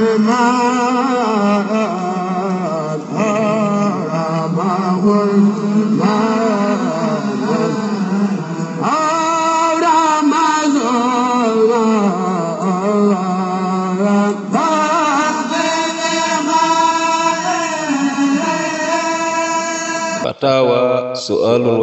ma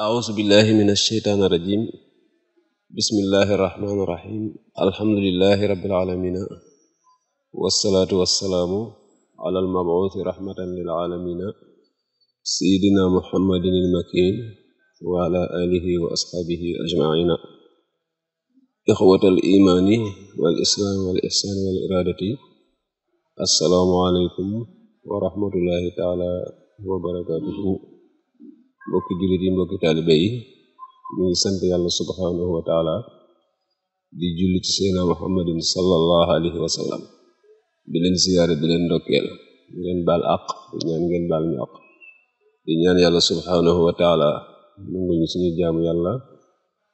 auzu billahi min alsheytaani irajim bismillahi irrahmani irrahim alhamdulilahi rabbil alamina wassalaatu wassalaamu ala almabuuthi rahmatan lil alamina sayidina muhammadin ilmakin wa ala alihi wa asxaabihi ajmaina ixwat al imaani wal islaam wal ihsaan wal iraadati assalaamu aleykum wa rahmatullahi taala wa barakaatuhu mbokki jullit yi mbokki taalibe yi ñu ngi sant yàlla subhanahu wa taala di julli ci muhammadin sallallahu alayhi wa di leen siyaare di leen ndokkeel ngeen baal àq di ñaan ngeen baal ñu àq di ñaan yàlla subhanahu wa taala nangu ñu suñu jaamu yàlla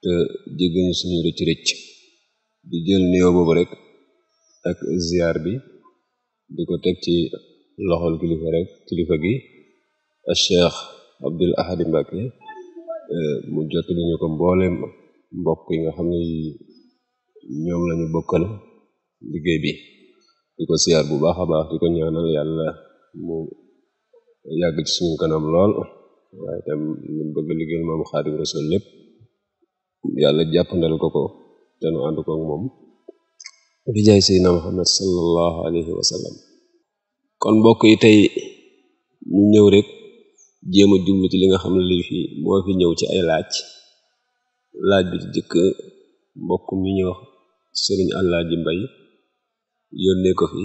te jéggal ñu suñu rëcc rëcc di jël nuyoo boobu rek ak ziar bi di ko teg ci loxol kilifa rek kilifa gi a cheikh Abdul Ahad Mbacke eh, mu jot li ñu ko mbooleem mbokk yi nga xam ne ñoom lañu bokkal liggéey bi di ko siyaar bu baax a baax di ko ñaanal yàlla mu yàgg ci suñu kanam lool waaye tam ñu bëgg liggéeyal maamu Xaadim Rasul lépp yàlla jàppandal ko ko te nu ànd ko ak moom bi jaay Seydina Muhammad sallallahu alayhi wa kon mbokk yi tey ñu ñëw rek jéem a jublu ci li nga xam ne lii fi moo fi ñëw ci ay laaj laaj bi ci jëkk mbokk mi ñu wax sëriñ Alaaji Mbay yónnee ko fi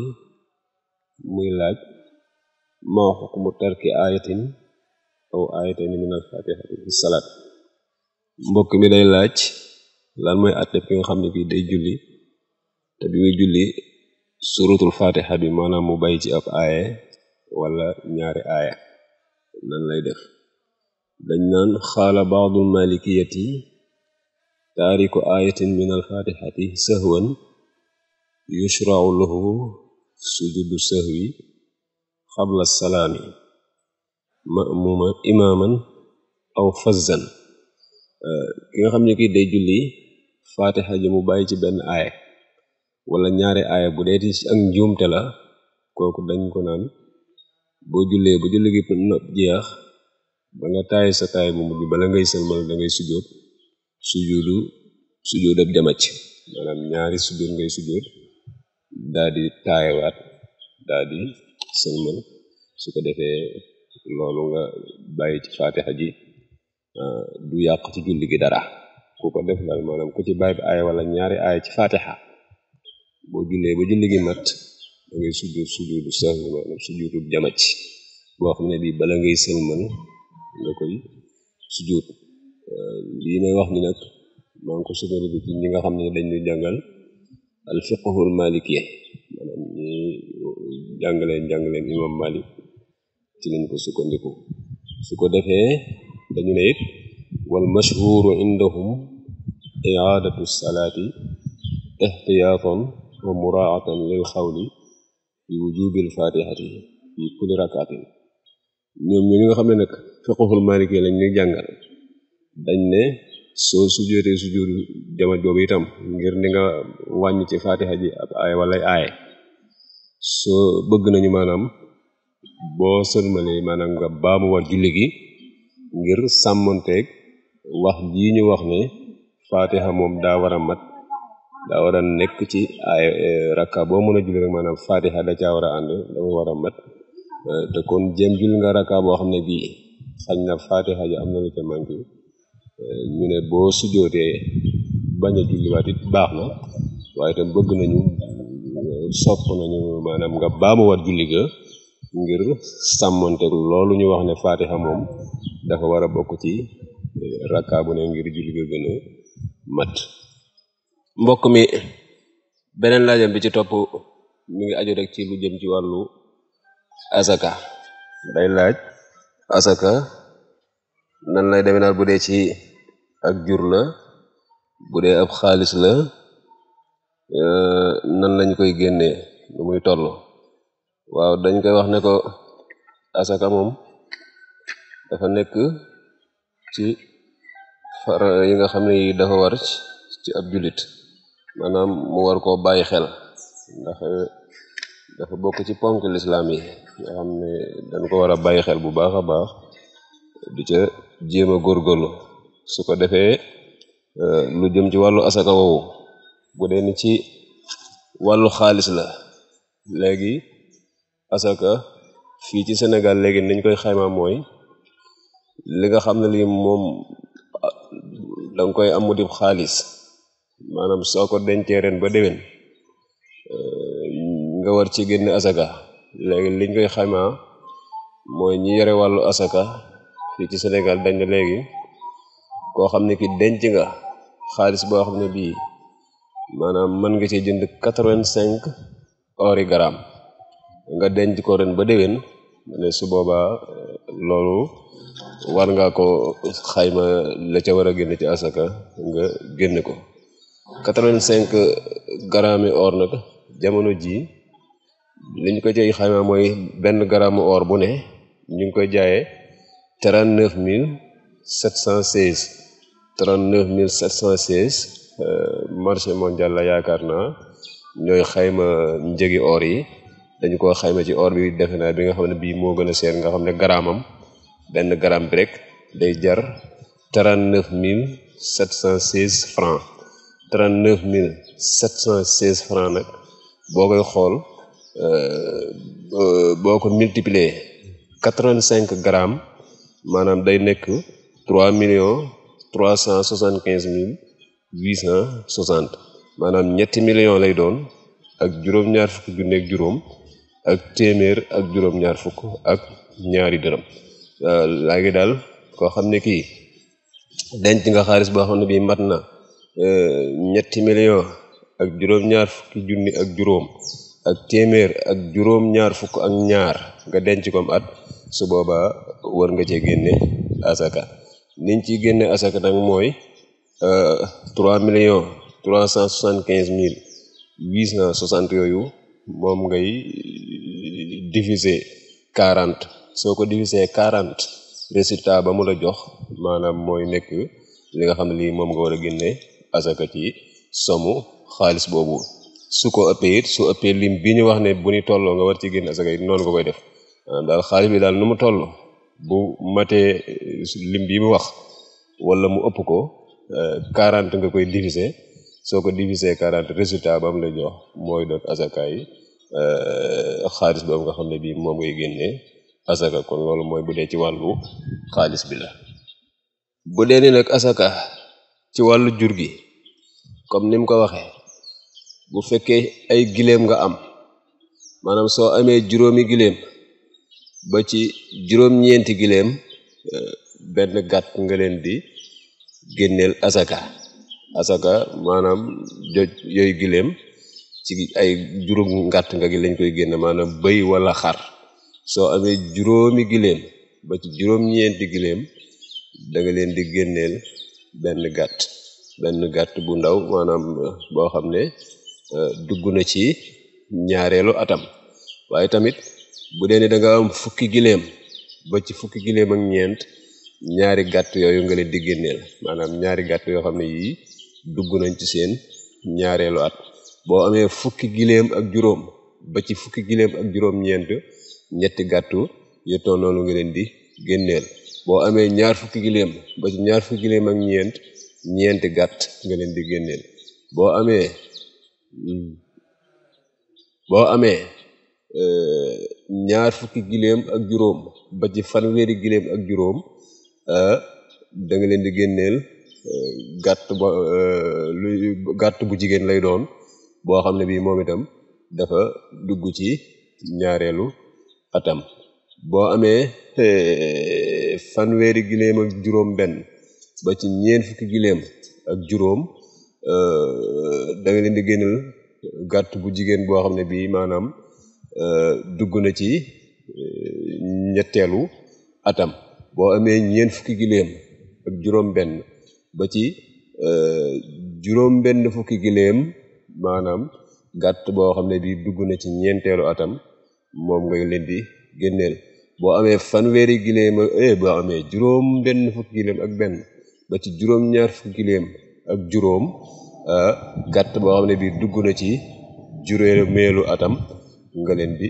muy laaj maa hukmu tarki ayatin aw ayatayni min al-fatihati fi salaat mbokk mi day laaj lan mooy ki nga xam ne kii day julli te bi muy julli suratul fatiha bi mu bay ci ab aaye wala ñaari aaya nan lay def dañ naan xaala baadul malikiyati taariku ayatin min alfatihati sahwan yushrau lahu sujudu sahwi xabla salaami mamuma imaaman aw fazzan ki nga xam ne kii day julli fatiha ji mu bàyyi ci benn aaya wala ñaari aaya bu deeti ci ak njuumte la kooku dañ ko naan boo jullee ba julli gi jeex ba nga taay sa taay bu mujj bala ngay sëlmal da ngay sujjóot sujjóotu sujjóot ab jamac maanaam ñaari sujjóot ngay sujjóot daa di taayawaat daa di sëlmal su ko defee loolu nga bàyyi ci faatixa ji ah, du yàq ci julli gi dara ku ko def daal maanaam ku ci bàyyi bi aaya wala ñaari aaya ci faatixa boo jullee ba julli gi mat da ngay sujjóot sujjóotu sahwi maanaam sujjóotu jamac boo xam ne bii bala ngay sëlmal nga koy sujjóot lii may wax ni nag maa ngi ko sukkandiku ci ñi nga xam ne dañ ñu jàngal al fiqhul maliki maanaam ñi jàngalee jàngaleen imam malik ci lañ ko sukkandiku su ko defee dañu ne it wal mashhuru indahum i'adatu salaati ihtiyaatan wa muraatan lil xawli bi wujubil fatihati fi kulli rakaatin ñoom ñoo nga xam ne nag fiqhul maliki lañ ñuy jàngal dañ ne soo sujjóotee sujjóot jama joobu itam ngir ni nga wàññi ci fatiha ji ab aay wala aay soo bëgg nañu maanaam boo sëlmalee maanaam nga baamu war julli gi ngir sàmmonteeg wax jii ñu wax ne fatiha moom daa war a mat daa war a nekk ci ay e, rakka boo mën a julli rek maanaam fatiha da caa war a ànd dafa war a mat e, te kon jéem julli nga rakka boo xam ne bii xañ na fatiha ja am na lu ca manqué e, ñu ne boo sujootee bañ baax na waaye tam bëgg nañu sopp nañu maanaam nga baamuwaat julli ga ngir sàmmante loolu ñu wax ne fatiha moom dafa war a bokk ci rakka bu ne ngir julli ga gën a mat mbokk mi beneen laajam bi ci topp mi ngi aju rek ci lu jëm ci wàllu asaka day laaj asaka nan lay demee daal bu dee ci ak jur la bu dee ab xaalis la euh, nan lañ koy génnee lu muy toll waaw dañ koy wax ne ko asaka moom dafa nekk ci far yi nga xam ne dafa war ci ab jullit maanaam mu war koo bàyyi xel dafa bokk ci ponk lislaam yi nga xam ne dañ ko war a bàyyi xel bu baax a baax di ca jéem a góorgóorlu su ko defee euh, lu jëm ci wàllu asaka woowu bu dee ci wàllu xaalis la léegi asaka fii ci Sénégal léegi niñ koy xayma mooy li nga xam ne lii moom ah, danga koy am mu dib xaalis maanaam soo ko dencee ren ba déwén euh, nga war ci génne asaka léegi liñ koy xamaa mooy ñi yore wàllu asaka fii ci Sénégal dañ na léegi koo xam ne ki denc nga xaalis boo xam ne bii maanaam mën nga ci jënd quatre-vingt-cinq ori gramme nga denc ko ren ba déwén ne su boobaa euh, loolu war nga ko xayma la ca war a génne ci asaka nga génne ko quatre-vingt-cinq or nag jamono jii liñ ko cay xayma mooy benn gramme or bu ne ñu ngi koy jaayee trente mille sept cent seize trente-neuf mille sept cent euh, mondial la yaakaar naa ñooy xayma njëgi or yi dañ ko xayma ci or bi defe naa bi nga xam ne bii moo gën a seer nga xam ne gramme benn gramme bi rek day jar trente-neuf mille sept francs trente-neuf mille sept cent seize francs nag boo koy xool euh, euh, boo ko multiplier quatre-vingt-cinq maanaam day nekk trois millions trois cent quinze mille huit cent maanaam ñetti million lay doon ak juróom-ñaar fukk ak juróom ak téeméer ak juróom-ñaar fukk ak ñaari dërëm euh, laa ngi daal koo xam ne kii denc nga xaalis boo xam ne bii mat na Euh, ñetti million ak juróom-ñaar fukki junni ak juróom ak téeméer ak juróom-ñaar fukk ak ñaar nga denc kom at su boobaa war nga cee génne asaka niñ ciy génne asaka nag mooy euh, trois millions trois cent soixante quinze mille huit cent yooyu moom ngay diviser quarante soo ko diviser quarante résultat ba mu la jox maanaam mooy nekk li nga xam ne lii moom nga war a génne asaka ci somu xaalis boobu su ko ëppee it su ëppee lim bi ñu wax ne bu ñu tolloo nga war ci génn asaka it noonu ko koy def daal xaalis bi daal nu mu toll bu matee eh, lim bi mu wax wala mu ëpp ko 40 eh, nga koy diviser soo ko diviser 40 résultat ba mu la jox mooy doon asaka yi eh, xaalis boobu nga xam ne bii moom ngay génnee asaka kon loolu mooy bu dee ci wàllu xaalis bi la bu dee ni nag asaka ci wàllu jur gi comme ni mu ko waxe bu fekkee ay giléem nga am maanaam soo amee juróomi giléem ba ci juróom-ñeenti giléem eh, benn gàtt nga leen di génneel asaka asaka maanaam joj yooyu giléem ci ay juróom gàtt nga gi lañ koy génne maanaam bëy wala xar soo amee juróomi giléem ba ci juróom-ñeenti giléem danga leen di génneel benn gàtt benn gàtt bu ndaw maanaam boo xam ne euh, dugg na ci ñaareelu atam waaye tamit bu dee ne da am fukki giléem ba ci fukki giléem ak ñeent ñaari gàtt yooyu nga leen di génneel maanaam ñaari gàtt yoo xam ne yii dugg nañ ci seen ñaareelu at boo amee fukki giléem ak juróom ba ci fukki giléem ak juróom-ñeent ñetti gàttu yu toll nga leen di génneel boo amee ñaar fukki giléem ba ci ñaar fukki giléem ak ñeent ñeenti gàtt nga leen di génneel boo amee hmm, boo amee euh, ñaar fukki giléem ak juróom ba ci fanweeri giléem ak juróom euh, da nga leen di génneel euh, gàtt ba gàtt bu jigéen lay doon boo xam ne bii moom itam dafa dugg ci ñaareelu atam boo amee fanweeri giléem ak juróom benn ba ci ñeent fukki gileem ak juróom euh, da nga leen di génnal gàtt bu jigéen boo xam ne bii maanaam euh, dugg na ci euh, ñetteelu atam boo amee ñeent ak juróom ba ci juróom benn fukki gileem maanaam gàtt boo xam ne bii dugg na ci ñeenteelu atam moom ngay leen di génneel boo amee fanweeri gileem eh boo amee juróom benn fukki gileem ak benn ba ci juróom-ñaar fukki giléem ak juróom gàtt boo xam ne bi dugg na ci juróomeelu atam nga leen bi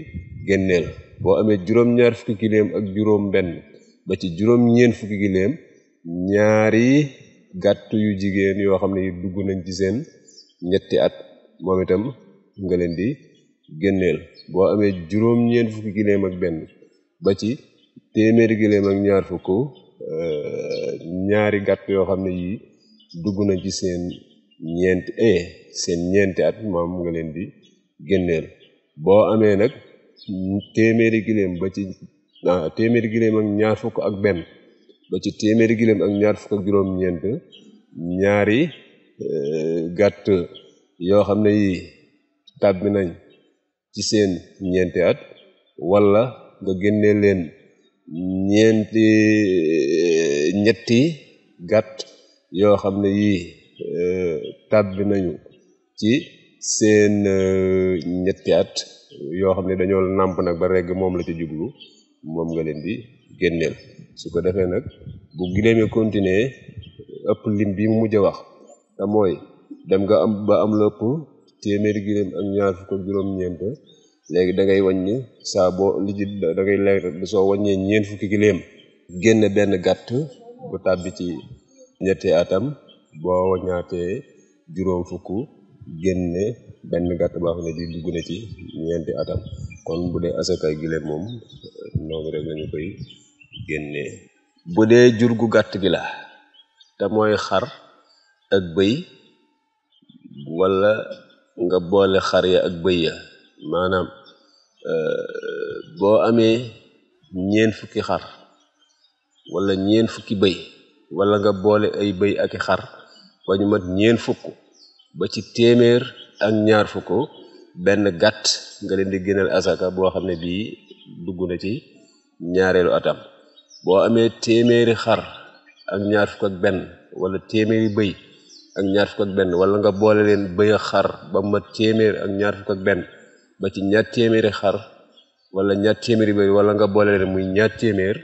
génneel boo amee juróom-ñaar fukki giléem ak juróom benn ba ci juróom-ñeent fukki giléem ñaari gàtt yu jigéen yoo xam ne yi dugg nañ ci seen ñetti at moom itam nga leen di génneel boo amee juróom-ñeent fukki giléem ak benn ba ci téeméeri giléem ak ñaar fukk Euh, ñaari gàtt yoo xam ne yii dugg na ci seen ñeenti eh, ñeenti at maam nga leen bi génneel boo amee nag téeméeri giléem ba ci ah, téeméeri giléem ak ñaar fukk ak benn ba ci téeméeri giléem ak ñaar fukk ak juróom-ñeent ñaari euh, gàtt yoo xam ne yii tàbbi nañ ci seen ñeenti at walla nga génne leen ñeenti ñetti gàtt yoo xam ne yii euh, tàbbi nañu ci seen euh, ñetti at yoo xam ne dañoo nàmp nag ba regg moom la ci jublu moom nga leen bi génneel su ko defee nag bu giléeme continuer ëpp lim bi mu mujj wax te mooy dem nga am ba am la ëpp téeméeri giléem ak ñaar fukk léegi da ngay wàññi saa li da ngay leer soo wàññee ñeent fukki giléem génn benn gàtt bu tàbbi ci ñetti atam boo wañaatee juróom fukk génne benn gàtt baax ne di dugg na ci ñeenti atam kon bu dee asakay giléem moom noonu rek lañu koy génnee bu dee jur gu gàtt gi la te mooy xar ak bëy wala nga boole xar ya ak bëy ya maanaam euh, boo amee ñeent fukki xar wala ñeen fukki bëy wala nga boole ay bëy ak i xar ba ñu mat ñeen fukk ba ci téeméer ak ñaar fukk benn gàtt nga leen di génneel asaka boo xam ne bii dugg na ci ñaareelu atam boo amee téeméeri xar ak ñaar fukk ak benn wala téeméeri bëy ak ñaar fukk ak benn wala nga boole leen bëy ak xar ba mat téeméer ak ñaar fukk ak benn ba ci ñaar téeméeri xar walla ñaar téeméeri bëy wala nga boole leen muy ñaar téeméer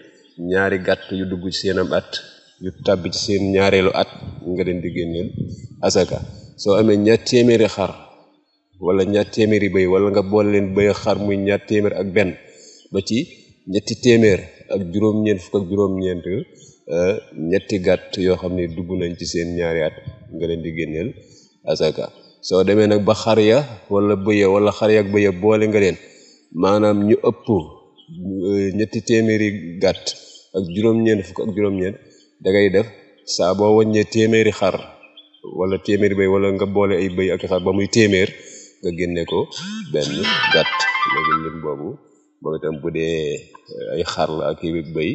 ñaari gàtt yu dugg ci seenam at yu tàbbi ci seen ñaareelu at nga leen di génneel asaka soo amee ñaar téeméeri xar wala ñaar téeméeri bëy wala nga boole leen bëy xar muy ñaar téeméer ak benn ba ci ñetti téeméer ak juróom-ñeent fukk ak juróom-ñeent euh, ñetti gàtt yoo xam ne dugg nañ ci seen ñaari at nga leen di génneel asaka soo demee nag ba xar ya wala bëya wala xar ya ak bëya boole nga leen maanaam ñu ëpp euh, ñetti téeméeri gàtt ak juróom-ñeent fukk ak juróom da ngay def saa boo wàññee téeméeri xar wala téeméeri bay wala nga boole ay béy ak xar ba muy téeméer nga génne ko benn gat léegi lim boobu moom itam bu dee eh, ay xar la ak béy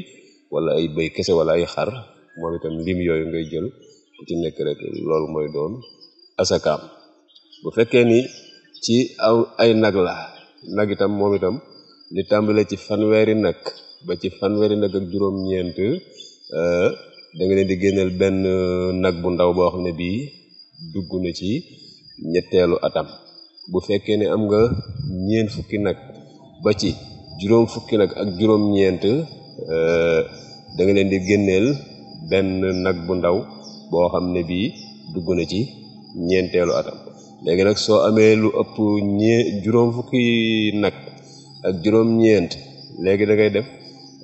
wala ay béy kese wala ay xar moom itam lim yooyu ngay jël ku ci nekk rek loolu mooy doon asakaam bu fekkee ni ci aw ay nag la nag itam moom itam li tàmbale ci fanweeri nag ba ci fanweeri nag ak juróom-ñeent euh, da leen di génneel benn euh, nag bu ndaw boo xam ne bii dugg na ci ñetteelu atam bu fekkee ne am nga ñeent fukki nag ba ci juróom nag ak juróom-ñeent euh, da leen di génneel benn nag bu ndaw boo xam ne bii dugg na ci ñeenteelu atam léegi nag soo amee lu ëpp ñee juróom fukki nag ak juróom-ñeent léegi da ngay def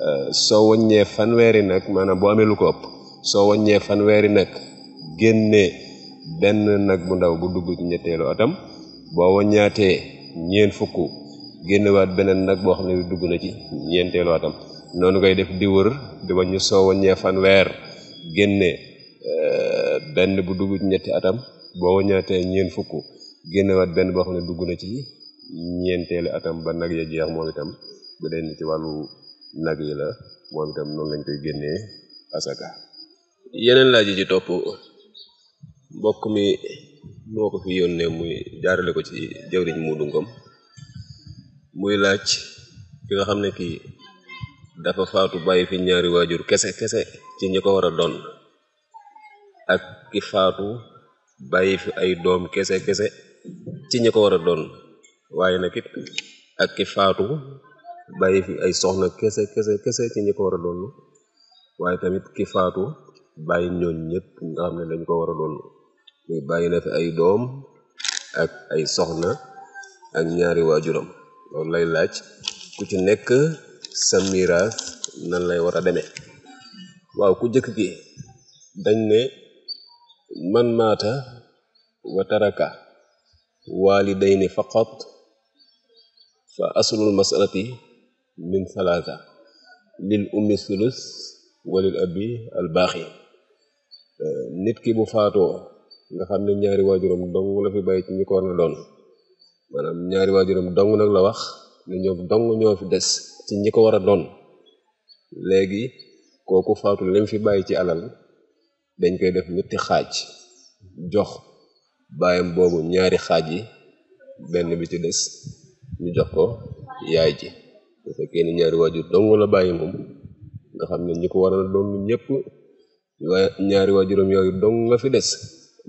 Euh, soo wàññee fanweeri nag maanaam boo amee lu ko ëpp soo wàññee fanweeri nag génnee benn nag bu ndaw bu dugg ci ñetteelu atam boo wàññaatee ñeent fukk génnewaat beneen nag boo xam ne dugg na ci ñeenteelu atam noonu koy def di wër di wàññi soo wàññee fanweer génne euh, benn bu dugg ci ñetti atam boo wàññaatee fukk génnewaat benn boo xam ne dugg na ci ñeenteelu atam ba nag ya jeex moom itam bu dee ni ci wàllu nag yi la moom itam noonu lañ koy génnee asaka yeneen laaj yi ci topp mbokk mi moo ko fi yónnee muy jaarale ko ci jawriñ Muudu Ngom muy laaj ki nga xam ne kii dafa faatu bàyyi fi ñaari waajur kese kese ci ñu ko war a doon ak ki faatu bàyyi fi ay doom kese kese ci ñu ko war a doon waaye nag ak ki faatu bàyyi fi ay soxna kese kese kese ki ñu ko war a doon waaye tamit ki faatu bàyyi ñoon ñëpp nga ne dañ ko war a doon muy bàyyi na fi ay doom ak ay soxna ak ñaari waajuram loolu lay laaj ku ci nekk sa miraas nan lay war a deme waaw ku jëkk gi dañ ne man maata wa taraka walidayni faqat fa aslul masalati min salaasa lil ummi sulus walil abi al baaxi nit ki bu faatoo nga xam ne ñaari waajuram dong la fi bàyyi ci ñi ko war na doon maanaam ñaari waajuram dong nag la wax ne ñoom dong ñoo fi des ci ñi ko war a doon léegi kooku faatu lim fi bàyyi ci alal dañ koy def ñetti xaaj jox baayam boobu ñaari xaaj yi benn bi ci des ñu jox ko yaay ji bu fekkee ni ñaari waajur dong la bàyyi moom nga xam ne ñi ko waroon a doon ñaari waajuram yooyu dong nga fi des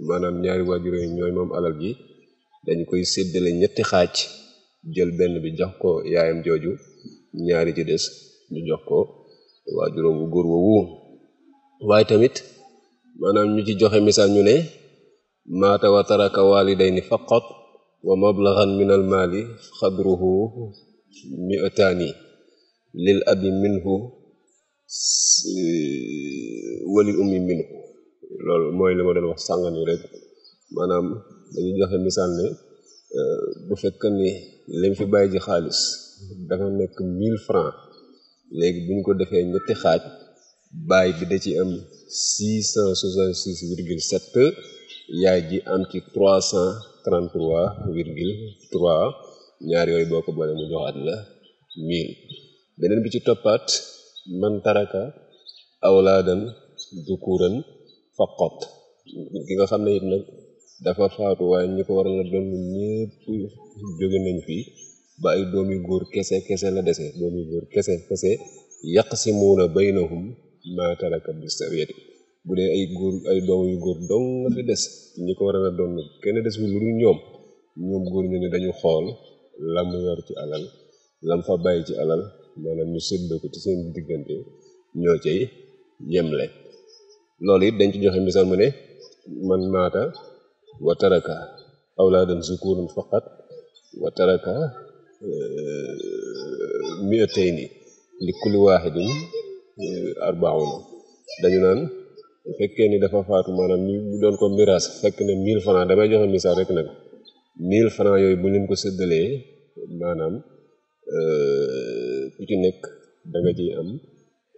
maanaam ñaari waajur yooyu moom alal ji dañ koy séddale ñetti xaaj jël benn bi jox ko yaayam jooju ñaari ci des ñu jox ko waajuram bu góor woowu waaye tamit maanaam ñu ci joxe misaal ñu ne maata wa taraka walidayni faqat wa mablagan min al maali xadruhu mi'taani lil abi minhu eh, wali ummi minhu loolu mooy li ma doon wax sànga rek maanaam dañu joxe misaal ne eh, bu fekk ni lañ fi bàyyi ji xaalis dafa nekk mille francs léegi bu ñu ko defee ñetti xaaj bàyyi bi da ci am six cent soixante six virgule sept yaay ji am ci trois cent trente trois virgule trois ñaar yooyu boo ko boole mu joxaat la miin beneen bi ci toppaat man taraka awlaadan dukuran faqat ki nga xam ne it nag dafa faatu waaye ñi ko war a doon ñëpp jóge nañ fi ba ay yu góor kese kese la dese doomi góor kese kese yaqsimuuna baynahum ma taraka bisawiyati bu dee ay góor ay doom yu góor dong nga fi des ñi ko war a doon kenn desul lu dul ñoom ñoom góor ñooñu dañu xool la mu yor ci alal lam fa bàyyi ci alal maanaam ñu séddoo ko ci seen diggante ñoo cay yemle loolu it dañ ci joxe misaal ma ne man maata wa taraka awlaadan zukuran faqat wa taraka eh, mi'atayni li kulli waaxidin eh, arbauna dañu naan fekkee ni dafa faatu maanaam ñu doon ko miraas fekk ne mille francs damay joxe misaal rek nag mille francs yooyu bu leen ko seddalee maanaam euh, ku ci nekk da nga ciy am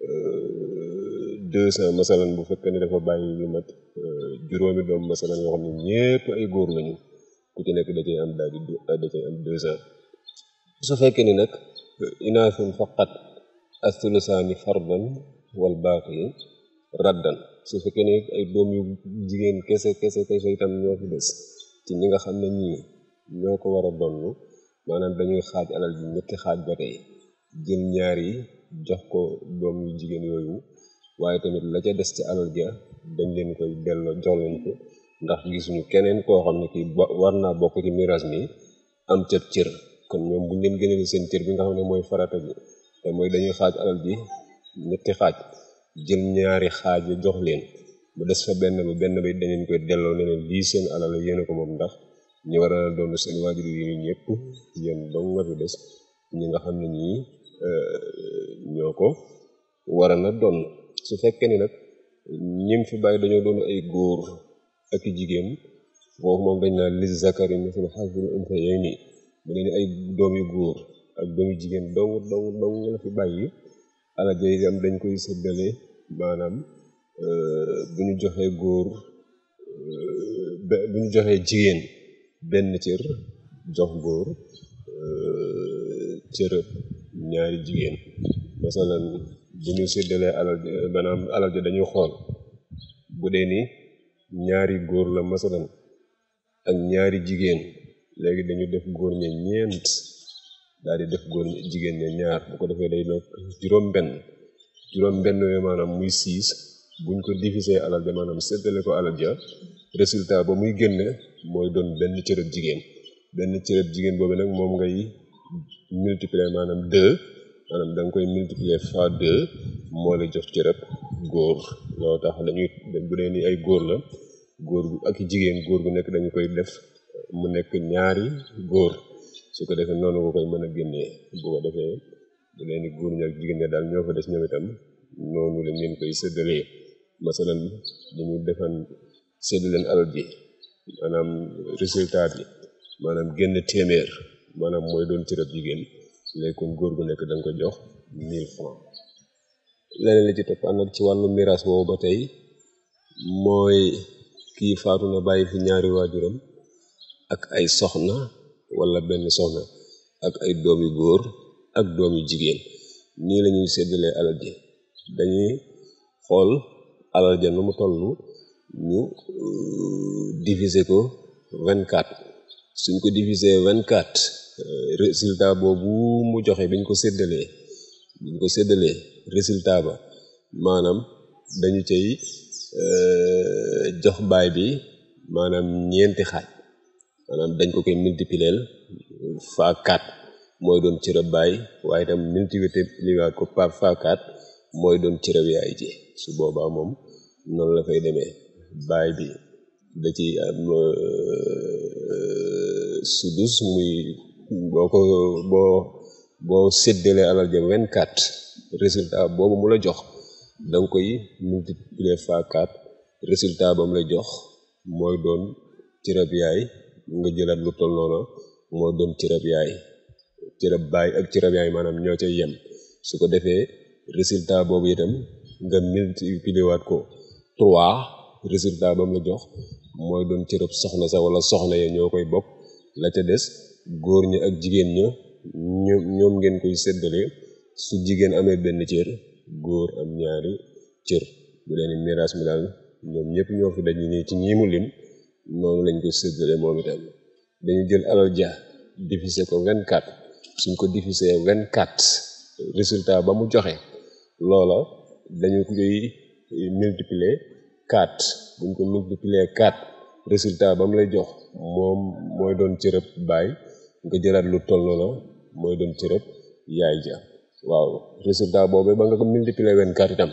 euh, deux cent masalan bu fekkee ne dafa bàyyi lu mat euh, juróomi doom masalan yoo xam ne ñépp ay góor lañu ku ci nekk da ciy am daal di ah, da ciy am deux cent su fekkee ni nag inaasun faqat astulusaani fardan wal baaqi raddan su fekkee ne ay doom yu jigéen kese kese kese itam ñoo fi des ci ñi nga xam ne ñii ñoo ko war a donn maanaam dañuy xaaj alal ji ñetti xaaj ba tey jël ñaari jox ko doom yu jigéen yooyu waaye tamit la ca des ci alal ja dañ leen koy delloo jox leen ko ndax gisuñu keneen koo xam ne kii war naa bokk ci miraas ni am ca cër kon ñoom buñ leen génneel seen cër bi nga xam ne mooy farata bi te mooy dañuy xaaj alal ji ñetti xaaj jël ñaari xaaj jox leen bu des fa benn ba benn ba it dañ leen koy delloo ne leen lii seen alal yéen ko moom ndax ñi war a doon seen waajur yi ñëpp yéen dong nga fi des euh, ñoo ko war na doon su fekkee ni nag ñim fi bàyyi dañoo doon ay góor ak jigéen foofu moom dañ naan li zakari mithlu hazzil unsayayni bu ay doom jigéen dong dong dong la fi bàyyi alal dañ koy séddale maanaam Euh, bu ñu joxee góor euh, bu ñu joxee jigéen benn cër jox góor euh, cërëb ñaari jigéen masalan bu ñu séddalee alal ji dañuy xool bu dee ni ñaari góor la masalan ak ñaari jigéen léegi dañu def góor ña ñeent daal di def góor jigéen ña ñaar bu ko defee day doon juróom benn juróom benn yooyu maanaam muy siis buñ ko diviser alal ja maanaam séddale ko alal ja résultat ba muy génne mooy doon benn cërëb jigéen benn cërëb jigéen boobu nag moom ngay multiplier maanaam deux maanaam da koy multiplier fois deux moo la jox cërëb góor loo tax dañuy bu dee ni ay góor la góor gu ak jigéen góor gu nekk dañu koy def mu nekk ñaari góor su ko defee noonu nga koy mën a génnee bu ko defee bu dee ni góor ñi ak jigéen ña daal ñoo fa des ñoom itam noonu la ngeen koy séddalee masalan bu ñu defan sédd leen alal ji maanaam résultat bi maanaam génn téeméer maanaam mooy doon cërëb jigéen léegi kon góor gu nekk da ko jox mille francs leneen li ci toppaan nag ci wàllu miraas boobu ba tey mooy kii faatu na bàyyi fi ñaari waajuram ak ay soxna wala benn soxna ak ay doom yu góor ak doom yu jigéen nii lañuy ñuy séddalee alal ji dañuy xool alal ja nu mu toll ñu mm, diviser ko vingt quatre suñ ko diviser vingt quatre euh, résultat boobu mu joxe biñ ko séddalee biñ ko séddalee résultat ba maanaam dañu cay euh, jox baay bi maanaam ñeenti xaaj maanaam dañ ko koy multiplier fa 4 mooy doon cërëb baay waaye itam multiplier ko par fa 4 mooy doon cëraw yaay ji su boobaa moom noonu la fay demee baay bi da ci am euh, sudus muy boo ko boo boo séddalee alal jëm vingt quatre résultat boobu mu la jox da nga koy multiplier fois quatre résultat ba la jox mooy doon cërëb yaay nga jëlaat lu toll noonu mooy doon cërëb yaay cërëb baay ak cërëb yaay maanaam ñoo ca yem su ko defee résultat boobu itam nga multiplier waat ko trois résultat ba mu jox mooy doon cërëb soxna sa wala soxna ya ñoo koy bokk la ca des góor ña ak jigéen ña ñoom ngeen koy seddale su jigéen amee benn cër góor am ñaari cër bu leen miraas mi daal ñoom ñëpp ñoo fi daj nii ci ñiimu lim noonu lañ koy séddale moom itam dañu jël alal ja diviser ko 24 suñ ko diviser 24 résultat ba mu joxe loola dañu koy multiplier 4 buñ ko multiplier 4 résultat ba mu lay jox moom mooy doon cërëb baay nga jëlaat lu toll loola mooy doon cërëb yaay ja waaw résultat boobu ba nga ko multiplier 24 itam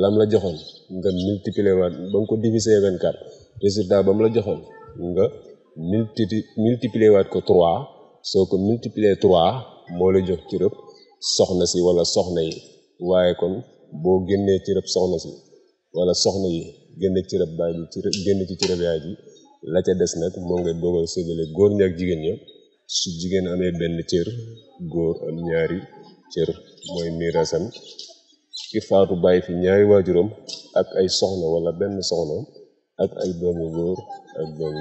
lam la joxoon nga multiplier waat ba nga ko diviser 24 résultat ba mu la joxoon nga multi multiplier waat ko 3 soo ko multiplier 3 moo la jox cërëb soxna si walla soxna yi waaye kon boo génnee ci rëb soxna si wala soxna yi génn ci rëb baay ji ci génn ci ci rëb yaay ji la ca des nag moom ngay doog a séddale góor ñi jigéen ña su jigéen amee benn cër góor am ñaari cër mooy miirasam ki faatu bàyyi fi ñaari waajuram ak ay soxna wala benn soxna ak ay doomu góor ak doomu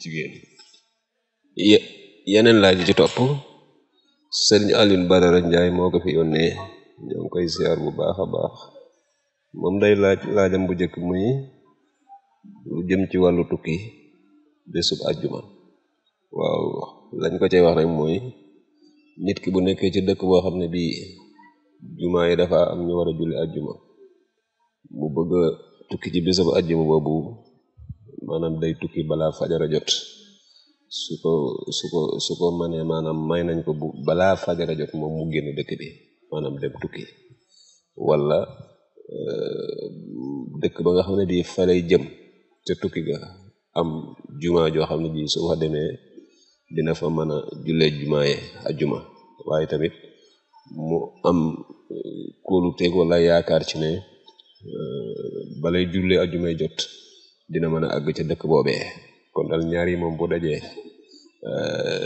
jigéen yeneen laaj ji ci topp Sëriñ Alioune Badara Ndiaye moo ko fi yónnee ñoo koy ziar bu baax a baax moom day laaj laajam bu njëkk muy lu jëm ci wàllu tukki bésub àjjuma waaw lañ ko cay wax rek mooy nit ki bu nekkee ci dëkk boo xam ne bii jumaa yi dafa am ñu war a julli àjjuma mu bëgg tukki ci bésub àjjuma boobu maanaam day tukki balaa fajara jot su ko su ko su manee maanaam may nañ ko bu balaa fajara jot moom mu génn dëkk bi maanaam dem tukki wala euh, dëkk ba nga xam ne di fa lay jëm ca tukki ga am juma joo xam ne bii su fa demee dina fa mën a jullee jumaaye ajjuma waaye tamit mu am euh, kóolu teeg wala yaakaar ci ne euh, balay jullee ajjumay jot dina mën a àgg ca dëkk boobee kon dal ñaar yi moom boo dajee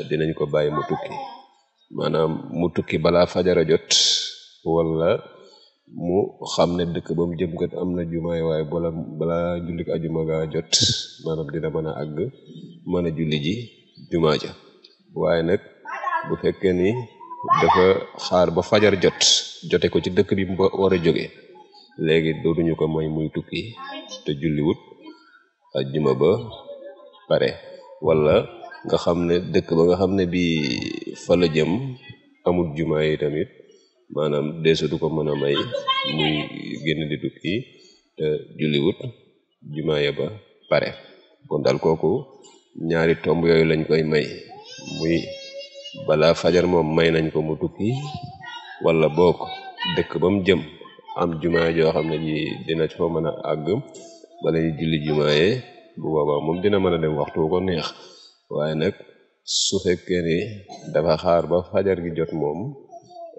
dinañ ko bàyyi mu tukki maanaam mu tukki balaa fajara jot wala mu xam ne dëkk ba mu jëm kat am na jumaay waaye bala balaa jullik ajuma gaa jot maanaam dina mën a àgg mën a julli ji jumaa ja waaye nag bu fekkee ni dafa xaar ba fajar jot jote ko ci dëkk bi mu war a jóge léegi dootuñu ko may muy tukki te julliwut ajjuma ba pare wala nga xam ne dëkk ba nga xam ne bii fa la jëm amul jumaa yi tamit maanaam deesu du ko mën a may muy génn di tukki te julliwut jumaa ya ba pare ñaari tomb yooyu lañ koy may muy balaa fajar moom may nañ ko mu tukki wala boog dëkk ba mu jëm am jumaa joo xam ne ji dina ci fa mën a àgg bala julli jumaa bu boobaa moom dina mën a dem waxtu ko neex waaye nag su fekkee ni dafa xaar ba fajar gi jot moom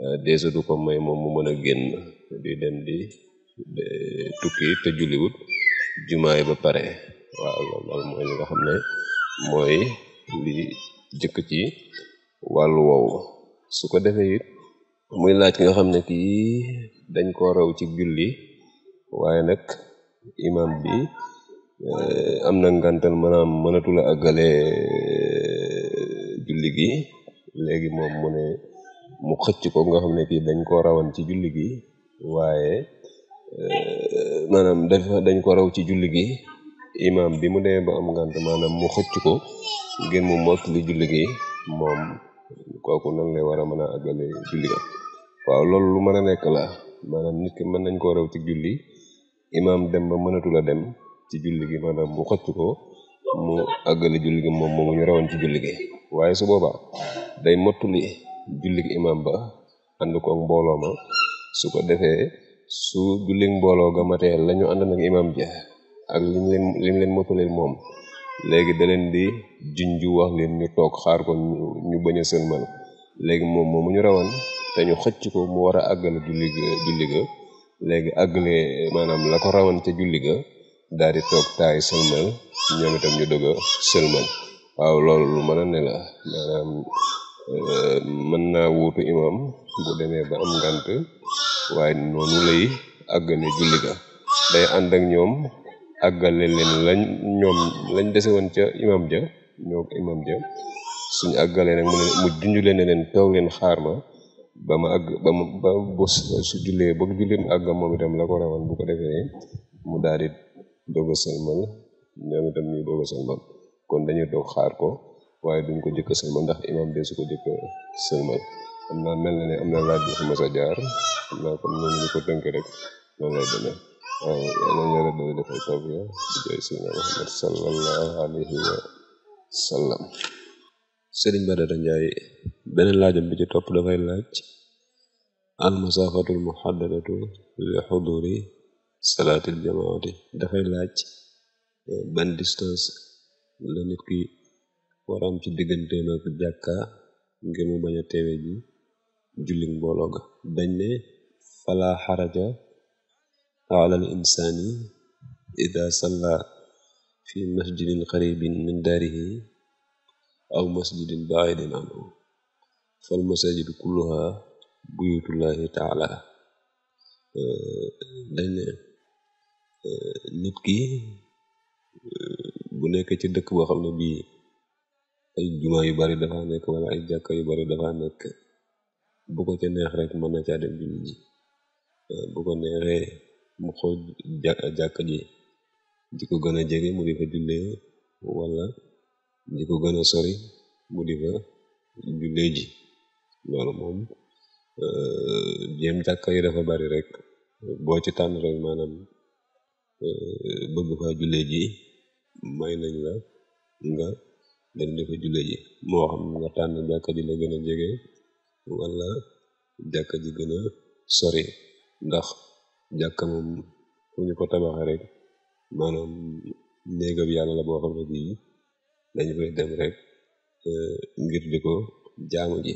euh, déjà ko may moom mu mën a génn di dem di tukki te julliwut jumaay ba pare waaw loolu mooy nga xam ne mooy jëkk ci wàllu woowu su ko defee it muy laaj nga xam ne kii dañ ko raw ci julli waaye nag imam bi Eh, am na ngantal maanaam mënatula àggale eh, julli gi léegi moom mu mu xëcc ko nga xam ne kii dañ koo rawan ci julli gi waaye eh, maanaam dafa ko raw ci julli gi imaam bi mu demee ba am ngant maanaam mu xëcc ko ngir mu mott li julli gi moom kooku nan lay war a mën a àggale julli ga waaw loolu lu mën a nekk la maanaam nit ki mën nañ koo raw ci julli imaam dem ba mënatul a dem ci julli gi maanaam mu xëcc ko mu àggale julli gi moom moomu ñu rawoon ci julli gi waaye su booba day mottuli julli gi imaam ba ànd koog mbooloo ma su ko defee su julli mbooloo ga matee la ñu ànd nag imam ja ak lim leen moom léegi da di junju wax leen ñu toog xaar ko ñu bañ a sëlmal léegi moom mu ñu rawan te ñu xëcc ko mu war a àggale julli ga julli ga léegi àggale maanaam la ko rawan ca julli ga daal di toog taay sëlmal ñoom itam ñu dëgg sëlmal waaw loolu lu mën a ne la euh, mën naa wuutu imam bu demee ba am ngant waaye noonu lay àggane julli ga day ànd ak ñoom àggale leen lañ ñoom dese woon ca imam ja ñoo imam ja suñu àggalee mu ne mu junj leen ne leen toog leen xaar ma ba ma àgg ba ma ba bos su jullee ba julli mu àgg moom itam la ko rawoon bu ko defee mu daal doog a sëlmal ñoom itam ñuy doog kon dañu toog xaar ko waaye duñ ko jëkk a sëlmal ndax imaam de su ko jëkk a am naa mel na ne am na laaj bu fi mas a beneen laajam bi ci topp dafay laaj al xuduri salaatul jamaati dafay laaj eh, ban distance la nit ki ci diggante ak jàkka ngir mu bañ a teewe mbooloo ga dañ ne falaa xaraja alal insaani ida salla fi masjidin qaribin min daarihi aw masjidin baidin anhu fal masajidu kulluha buyutullahi taala eh, dañ ne Euh, nit ki euh, bu nekk ci dëkk boo xam ne bii ay juma yu bari dafa nekk wala ay jàkka yu bari dafa nekk bu ko ca neex rek mën na caa dem julli ji euh, bu ko neexee mu xool jàkka ji di ko gën a jege mu di fa jullee wala di ko gën a sori mu di fa jullee ji loolu moom jéem jàkka yi dafa bari rek boo ci tànn rek maanaam Euh, bëgg faa jullee ji may nañ la nga dem di fa jullee ji moo xam nga tànn jàkka ji la gën a jege wala jàkka ji gën a sori ndax jàkka moom fu ñu ko tabaxee rek maanaam néegam yàlla la boo xam ne bii dañu fay dem rek euh, ngir di ko jaamu ji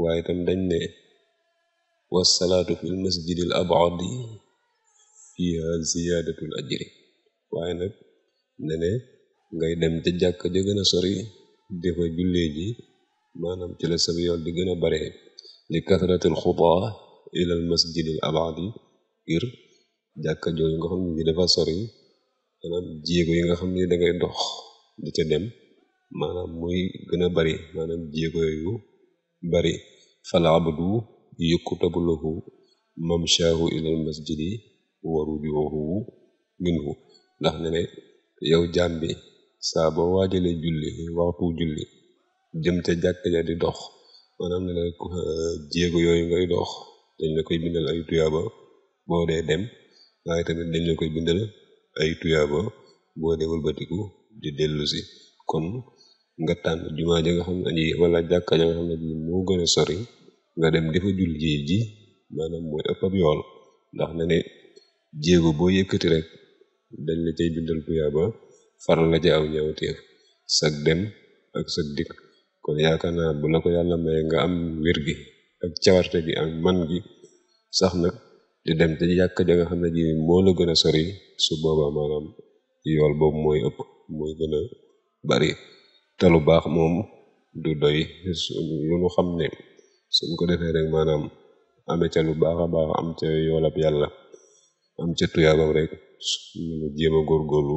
waaye tam dañ ne wasalaatu fil masjidil abadi fiha ziyaadatul ajri waaye nag ne ngay dem ca jàkka ja gën a sori di fa jullee ji maanaam ci la yoon di gën a bare li kasratil xutaa ilal masjidil abaadi ngir jàkka jooyu nga xam ni dafa sori maanaam jéego yi nga xam ni dangay dox di ca dem maanaam muy gën a bari maanaam jéego yu bari fal abdu yukkutabu lahu mamshaahu ilal masjidi warujuuhu minhu ndax ne ne yow jaam bi saa boo waajale julli waxtu julli jëm te jàkka ja di dox maanaam ne ne yooyu ngay dox dañ la koy bindal ay tuyaaba boo dee dem waaye tamit dañ la koy bindal ay tuyaaba boo di dellu si kon nga tànn jumaa ja nga xam ne ji jàkka ja nga xam ne ji moo gën a sori nga dem defa julli ji maanaam mooy ëpp yool ndax ne jéego boo yëkkati rek dañ la cay bindal tuyaaba faral la ca aw ñaawteef sag dem ak sag dikk kon yaakaar naa bu la ko yàlla maye nga am wér gi ak cawarte gi ak man gi sax nag di dem te yàkk ja xam ne ji moo la gën a sori su boobaa maanaam yool boobu mooy ëpp mooy gën a bari te lu baax moom du doy lu xam ne suñ ko defee rek maanaam ame ca lu baax a baax am ca yoolab yàlla am ca tuyaabam rek ñu nga jéem a góorgóorlu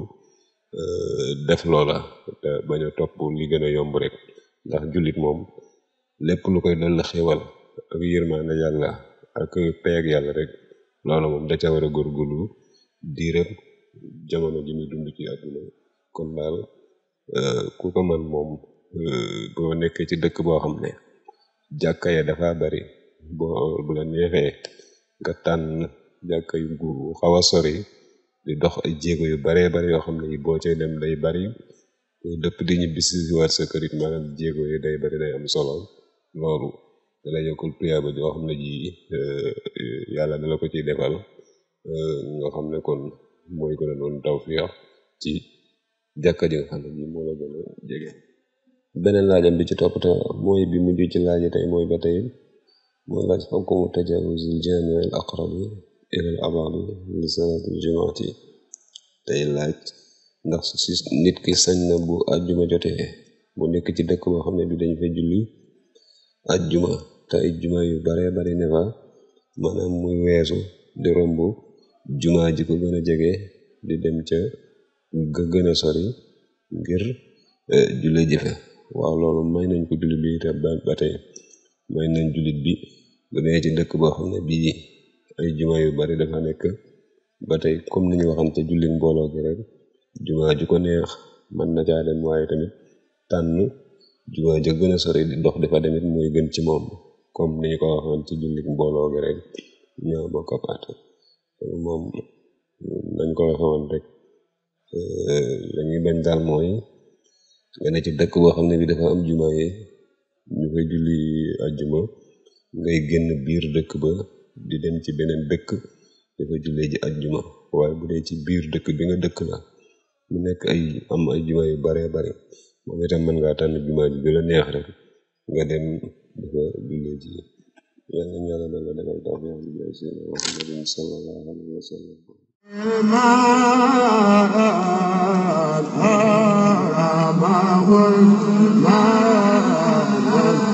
euh, def loola te bañ a topp li gën a yomb rek ndax jullit moom lépp lu koy doon la xéewal ak yërmaande yàlla ak payag yàlla rek loola moom da ca war a góorgóorlu diiram jamono ji muy dund ci àdduna kon daal euh, ku ko man moom euh, boo nekkee ci dëkk boo xam ne jàkka ya dafa bari boo bu la neexee nga tànn jàkka yu xaw a sori di dox ay jéego yu baree bari yoo xam ne yi boo cay dem day bari dëpp di ñibbi si waat sa kër yi day bari day am solo loolu da lay yokkul tuyaaba joo xam ne ji euh, yàlla da la ko ciy defal euh, nga xam ne kon mooy ko ne doon tawfiix ci jàkka ji nga xam ne ji a beneen laajam bi ci topp te mooy ci laaj tey ba tey mooy laaj xokkumu tajawuzil jaami al aqrabi ilal abaadu li salaatil laaj ndax si nit ki sañ na bu ajjuma jotee bu nekk ci dëkk boo xam ne bi dañ fa julli ajjuma te ay juma yu bare bari ne fa maanaam muy weesu di romb juma ji ko gën a jege di dem ca ga gën a sori ngir e, julle jëfe waaw loolu may nañ ko jullit bi te ba tey may nañ jullit bi bu dee ci dëkk boo xam ne bii ay juma yu bari dafa nekk ba tey comme ni ñu waxan ca jullit mbooloo gi rek juma ju ko neex mën na caa dem waaye tamit tànn juma ja gën a sori di dox dafa demit mooy gën ci moom comme ni ko waxan ci jullit mbooloo gi rek ñoo bokk ab ko waxoon rek euh, lañuy bañ daal mooy nga ne ci dëkk boo xam ne bi dafa am juma yi ñu koy julli ajjuma ngay génn biir dëkk ba di dem ci beneen dëkk dafa jullee ji ajjuma waaye bu dee ci biir dëkk bi nga dëkk la mu nekk ay am ay juma yu baree bari moom itam mën ngaa tànn juma ji bi la neex rek nga dem dafa jullee ji yàlla ñu yàlla danga defal taw bi yàlla si Muhammadin sallallahu alayhi wa sallam ما ما